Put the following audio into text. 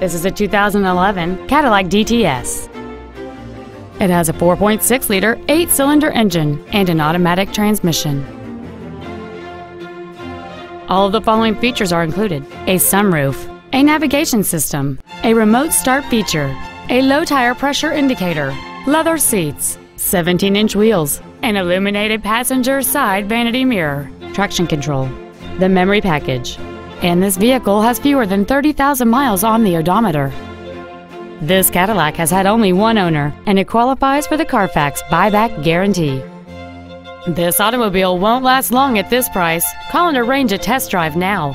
This is a 2011 Cadillac DTS. It has a 4.6-liter eight-cylinder engine and an automatic transmission. All of the following features are included. A sunroof, a navigation system, a remote start feature, a low tire pressure indicator, leather seats, 17-inch wheels, an illuminated passenger side vanity mirror, traction control, the memory package, and this vehicle has fewer than 30,000 miles on the odometer. This Cadillac has had only one owner, and it qualifies for the Carfax buyback guarantee. This automobile won't last long at this price. Call and arrange a test drive now.